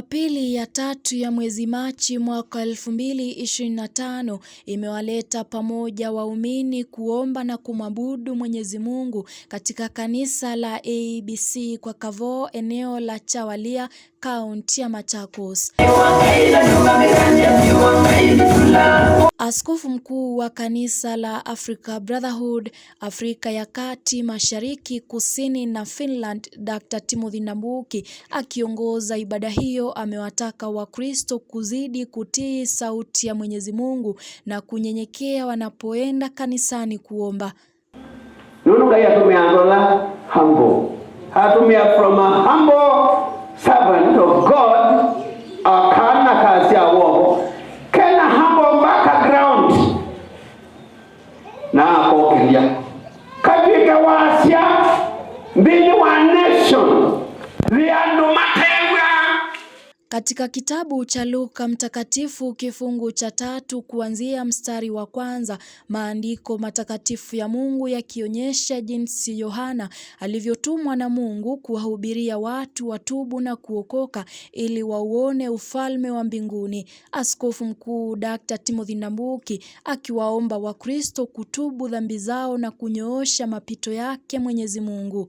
Jumapili ya tatu ya mwezi Machi mwaka 2025 imewaleta pamoja waumini kuomba na kumwabudu Mwenyezi Mungu katika kanisa la ABC kwa Kavoo, eneo la Chawalia, kaunti ya Machakos. Askofu mkuu wa kanisa la Africa Brotherhood Afrika ya Kati, Mashariki, Kusini na Finland, Dr. Timothy Ndambuki akiongoza ibada hiyo amewataka Wakristo kuzidi kutii sauti ya Mwenyezi Mungu na kunyenyekea wanapoenda kanisani kuomba. moja katika Waasia mbili wa nation katika kitabu cha Luka Mtakatifu kifungu cha tatu kuanzia mstari wa kwanza, maandiko matakatifu ya Mungu yakionyesha jinsi Yohana alivyotumwa na Mungu kuwahubiria watu watubu na kuokoka ili wauone ufalme wa mbinguni. Askofu Mkuu Dr. Timothy Ndambuki akiwaomba Wakristo kutubu dhambi zao na kunyoosha mapito yake Mwenyezi Mungu.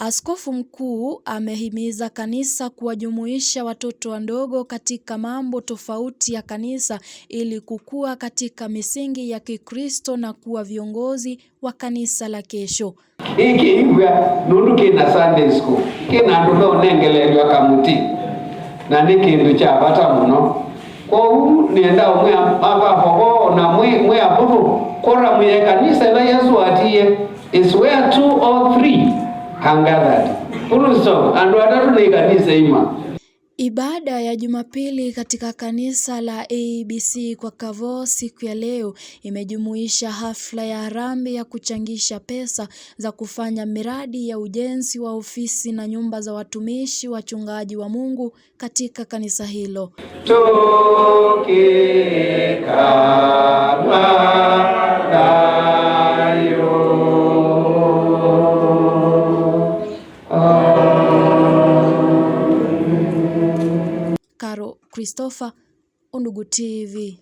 Askofu mkuu amehimiza kanisa kuwajumuisha watoto wadogo katika mambo tofauti ya kanisa ili kukua katika misingi ya Kikristo na kuwa viongozi wa kanisa la kesho ikiivya nundu kina Sunday school kinandu kaunengelelwa kamuti na ni kindu cha pata muno kwoou nienda umwe mavavo na mwe avuvu kora mwiye kanisa la Yesu atie is where two or three hangadhati uluso andu atatu ni kanisa ima Ibada ya Jumapili katika kanisa la ABC kwa Kavo siku ya leo imejumuisha hafla ya harambee ya kuchangisha pesa za kufanya miradi ya ujenzi wa ofisi na nyumba za watumishi wachungaji wa Mungu katika kanisa hilo. Toke Christopher Undugu TV.